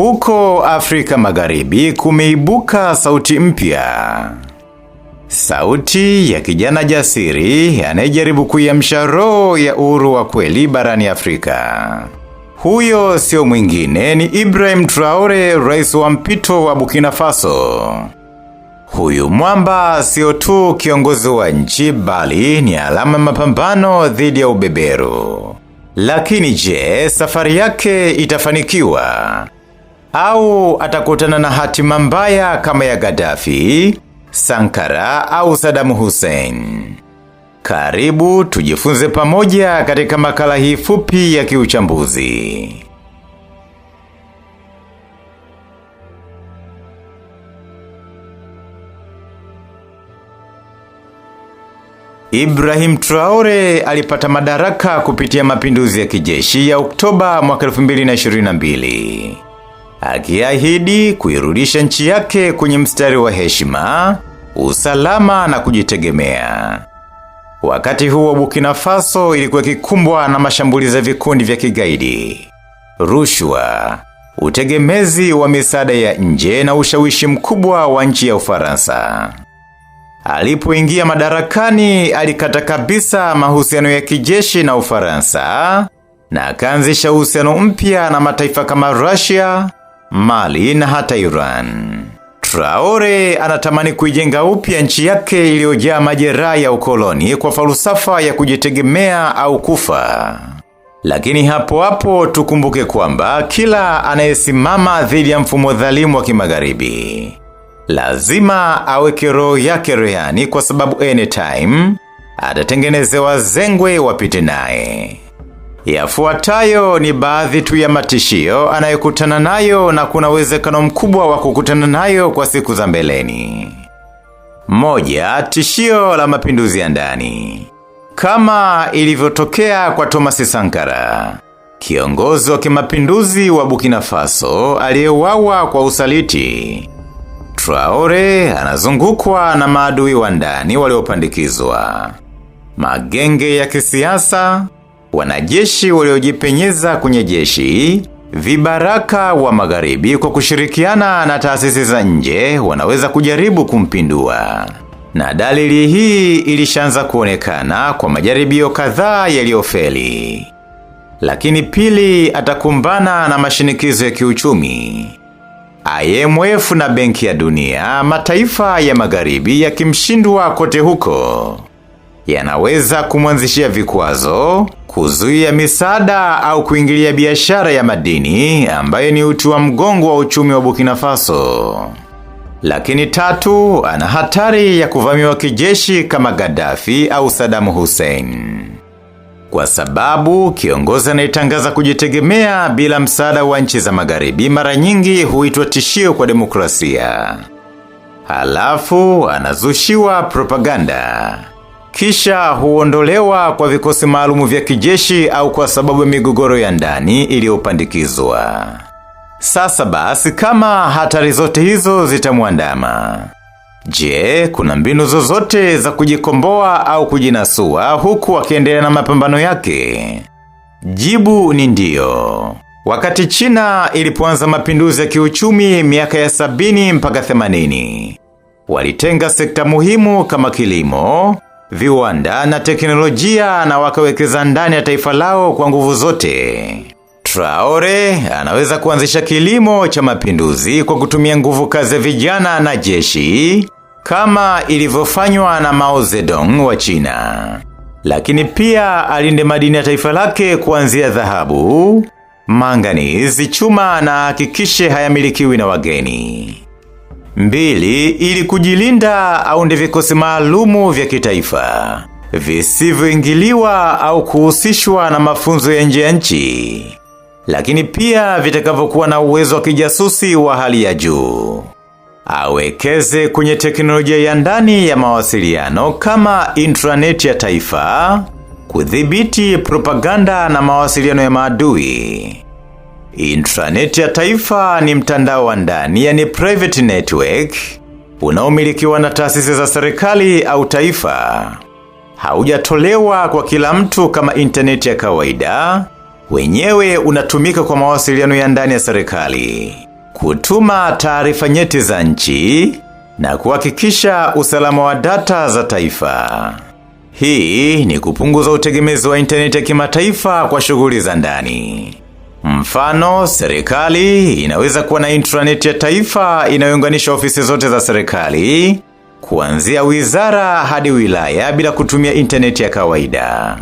Huko Afrika Magharibi kumeibuka sauti mpya, sauti ya kijana jasiri anayejaribu kuiamsha roho ya uhuru wa kweli barani Afrika. Huyo sio mwingine ni Ibrahim Traore, rais wa mpito wa Burkina Faso. Huyu mwamba sio tu kiongozi wa nchi bali ni alama mapambano dhidi ya ubeberu. Lakini je, safari yake itafanikiwa? au atakutana na hatima mbaya kama ya Gaddafi, Sankara au Saddam Hussein. Karibu tujifunze pamoja katika makala hii fupi ya kiuchambuzi. Ibrahim Traore alipata madaraka kupitia mapinduzi ya kijeshi ya Oktoba mwaka 2022 akiahidi kuirudisha nchi yake kwenye mstari wa heshima, usalama na kujitegemea. Wakati huo Burkina Faso ilikuwa kikumbwa na mashambulizi ya vikundi vya kigaidi, rushwa, utegemezi wa misaada ya nje na ushawishi mkubwa wa nchi ya Ufaransa. Alipoingia madarakani, alikata kabisa mahusiano ya kijeshi na Ufaransa na akaanzisha uhusiano mpya na mataifa kama Russia, Mali na hata Iran. Traore anatamani kuijenga upya nchi yake iliyojaa majeraha ya ukoloni kwa falsafa ya kujitegemea au kufa. Lakini hapo hapo tukumbuke kwamba kila anayesimama dhidi ya mfumo dhalimu wa kimagharibi lazima aweke roho yake rehani, kwa sababu anytime atatengenezewa zengwe wapite naye. Yafuatayo ni baadhi tu ya matishio anayokutana nayo na kuna uwezekano mkubwa wa kukutana nayo kwa siku za mbeleni. Moja, tishio la mapinduzi ya ndani. Kama ilivyotokea kwa Thomas Sankara, kiongozi wa kimapinduzi wa Burkina Faso aliyeuawa kwa usaliti, Traore anazungukwa na maadui wa ndani waliopandikizwa, magenge ya kisiasa Wanajeshi waliojipenyeza kwenye jeshi, vibaraka wa magharibi kwa kushirikiana na taasisi za nje wanaweza kujaribu kumpindua. Na dalili hii ilishaanza kuonekana kwa majaribio kadhaa yaliyofeli. Lakini pili, atakumbana na mashinikizo ya kiuchumi. IMF na Benki ya Dunia, mataifa ya magharibi yakimshindwa kote huko, yanaweza kumwanzishia vikwazo kuzuia misaada au kuingilia biashara ya madini ambayo ni uti wa mgongo wa uchumi wa Burkina Faso. Lakini tatu, ana hatari ya kuvamiwa kijeshi kama Gaddafi au Saddam Hussein, kwa sababu kiongozi anayetangaza kujitegemea bila msaada wa nchi za Magharibi mara nyingi huitwa tishio kwa demokrasia, halafu anazushiwa propaganda kisha huondolewa kwa vikosi maalumu vya kijeshi au kwa sababu ya migogoro ya ndani iliyopandikizwa. Sasa basi, kama hatari zote hizo zitamwandama, je, kuna mbinu zozote za kujikomboa au kujinasua huku akiendelea na mapambano yake? Jibu ni ndiyo. Wakati China ilipoanza mapinduzi ya kiuchumi miaka ya sabini mpaka themanini, walitenga sekta muhimu kama kilimo viwanda na teknolojia na wakawekeza ndani ya taifa lao kwa nguvu zote. Traore anaweza kuanzisha kilimo cha mapinduzi kwa kutumia nguvu kazi ya vijana na jeshi kama ilivyofanywa na Mao Zedong wa China. Lakini pia alinde madini ya taifa lake kuanzia dhahabu, manganizi, chuma na hakikishe hayamilikiwi na wageni. Mbili, ili kujilinda au ndi vikosi maalumu vya kitaifa visivyoingiliwa au kuhusishwa na mafunzo ya nje ya nchi, lakini pia vitakavyokuwa na uwezo wa kijasusi wa hali ya juu. Awekeze kwenye teknolojia ya ndani ya mawasiliano kama intranet ya taifa, kudhibiti propaganda na mawasiliano ya maadui Intranet ya taifa ni mtandao wa ndani, yani private network, unaomilikiwa na taasisi za serikali au taifa. Haujatolewa kwa kila mtu kama intaneti ya kawaida. Wenyewe unatumika kwa mawasiliano ya ndani ya serikali, kutuma taarifa nyeti za nchi na kuhakikisha usalama wa data za taifa. Hii ni kupunguza utegemezi wa intaneti ya kimataifa kwa shughuli za ndani. Mfano, serikali inaweza kuwa na intranet ya taifa inayounganisha ofisi zote za serikali kuanzia wizara hadi wilaya bila kutumia intaneti ya kawaida.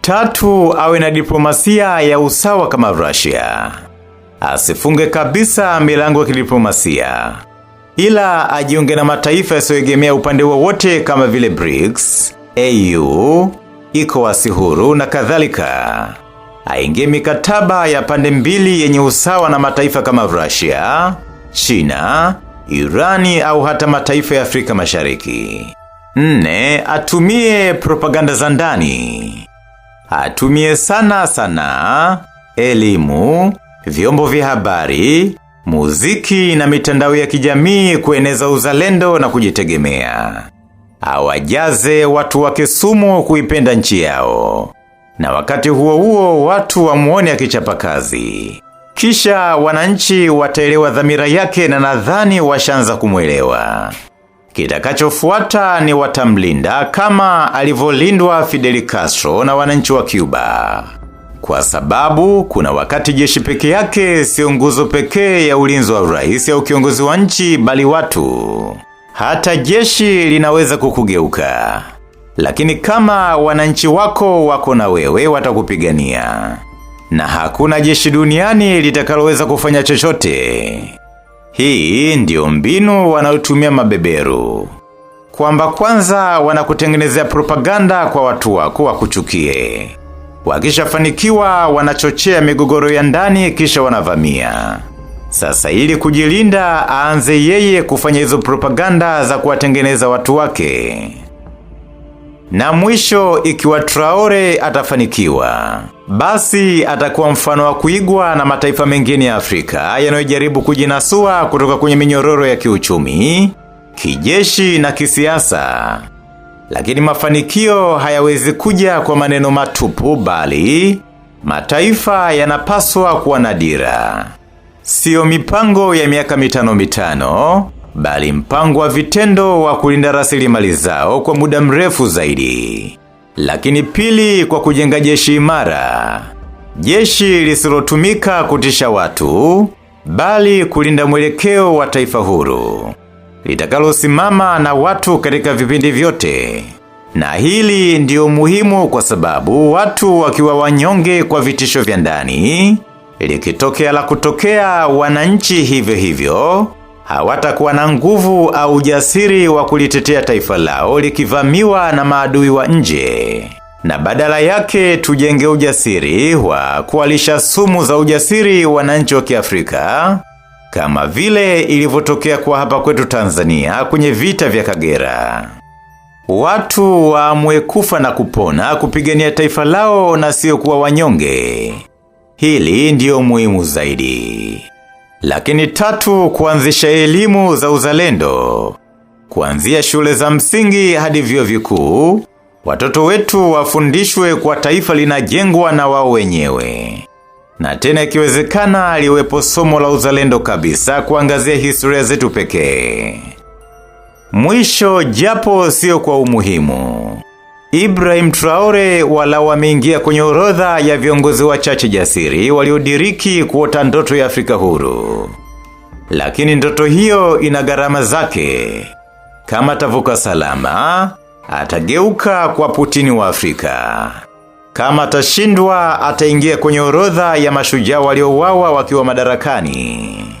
Tatu, awe na diplomasia ya usawa kama Russia. Asifunge kabisa milango ya kidiplomasia, ila ajiunge na mataifa yasiyoegemea upande wowote kama vile BRICS, AU, ECOWAS huru na kadhalika aingie mikataba ya pande mbili yenye usawa na mataifa kama Russia, China, Irani au hata mataifa ya Afrika Mashariki. Nne, atumie propaganda za ndani. Atumie sana sana elimu, vyombo vya habari, muziki na mitandao ya kijamii kueneza uzalendo na kujitegemea. Awajaze watu wa Kisumu kuipenda nchi yao na wakati huo huo watu wamuone akichapa kazi. Kisha wananchi wataelewa dhamira yake, na nadhani washaanza kumwelewa. Kitakachofuata ni watamlinda kama alivyolindwa Fidel Castro na wananchi wa Cuba, kwa sababu kuna wakati jeshi peke yake sio nguzo pekee ya ulinzi wa rais au kiongozi wa nchi, bali watu. Hata jeshi linaweza kukugeuka. Lakini kama wananchi wako wako na wewe, watakupigania na hakuna jeshi duniani litakaloweza kufanya chochote. Hii ndiyo mbinu wanayotumia mabeberu, kwamba kwanza wanakutengenezea propaganda kwa watu wako wakuchukie. Wakishafanikiwa wanachochea migogoro ya ndani, kisha wanavamia. Sasa ili kujilinda, aanze yeye kufanya hizo propaganda za kuwatengeneza watu wake na mwisho, ikiwa Traore atafanikiwa, basi atakuwa mfano wa kuigwa na mataifa mengine ya Afrika yanayojaribu kujinasua kutoka kwenye minyororo ya kiuchumi, kijeshi na kisiasa. Lakini mafanikio hayawezi kuja kwa maneno matupu, bali mataifa yanapaswa kuwa na dira, siyo mipango ya miaka mitano mitano bali mpango wa vitendo wa kulinda rasilimali zao kwa muda mrefu zaidi. Lakini pili, kwa kujenga jeshi imara, jeshi lisilotumika kutisha watu, bali kulinda mwelekeo wa taifa huru litakalosimama na watu katika vipindi vyote. Na hili ndio muhimu, kwa sababu watu wakiwa wanyonge kwa vitisho vya ndani, likitokea la kutokea, wananchi hivyo hivyo hawatakuwa na nguvu au ujasiri wa kulitetea taifa lao likivamiwa na maadui wa nje, na badala yake tujenge ujasiri wa kuwalisha sumu za ujasiri wananchi wa Kiafrika kama vile ilivyotokea kwa hapa kwetu Tanzania kwenye vita vya Kagera. Watu waamue kufa na kupona kupigania taifa lao na sio kuwa wanyonge. Hili ndiyo muhimu zaidi. Lakini tatu, kuanzisha elimu za uzalendo kuanzia shule za msingi hadi vyo vikuu. Watoto wetu wafundishwe kwa taifa linajengwa na wao wenyewe, na tena ikiwezekana liwepo somo la uzalendo kabisa, kuangazia historia zetu pekee. Mwisho, japo sio kwa umuhimu, Ibrahim Traore walau ameingia kwenye orodha ya viongozi wachache jasiri waliodiriki kuota ndoto ya Afrika huru, lakini ndoto hiyo ina gharama zake. Kama atavuka salama, atageuka kwa Putini wa Afrika. Kama atashindwa, ataingia kwenye orodha ya mashujaa waliouawa wakiwa madarakani.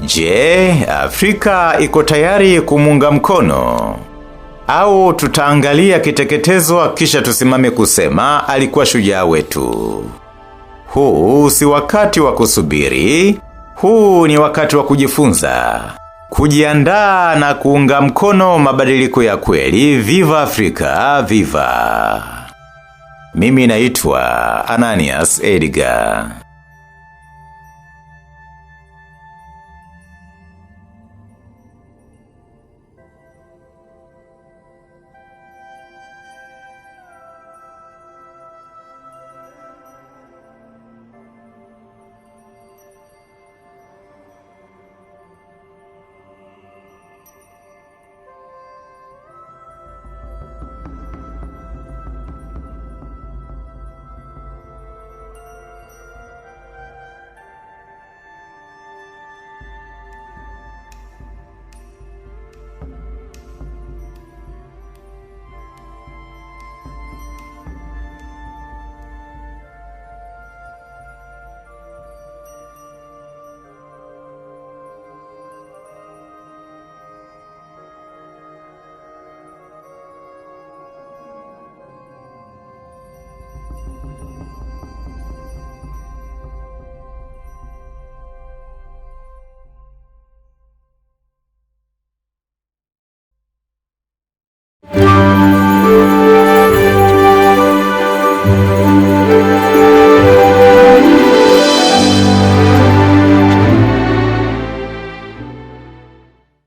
Je, Afrika iko tayari kumunga mkono? au tutaangalia kiteketezo kisha tusimame kusema alikuwa shujaa wetu? Huu si wakati wa kusubiri, huu ni wakati wa kujifunza, kujiandaa na kuunga mkono mabadiliko ya kweli. Viva Afrika, viva! Mimi naitwa Ananias Edgar.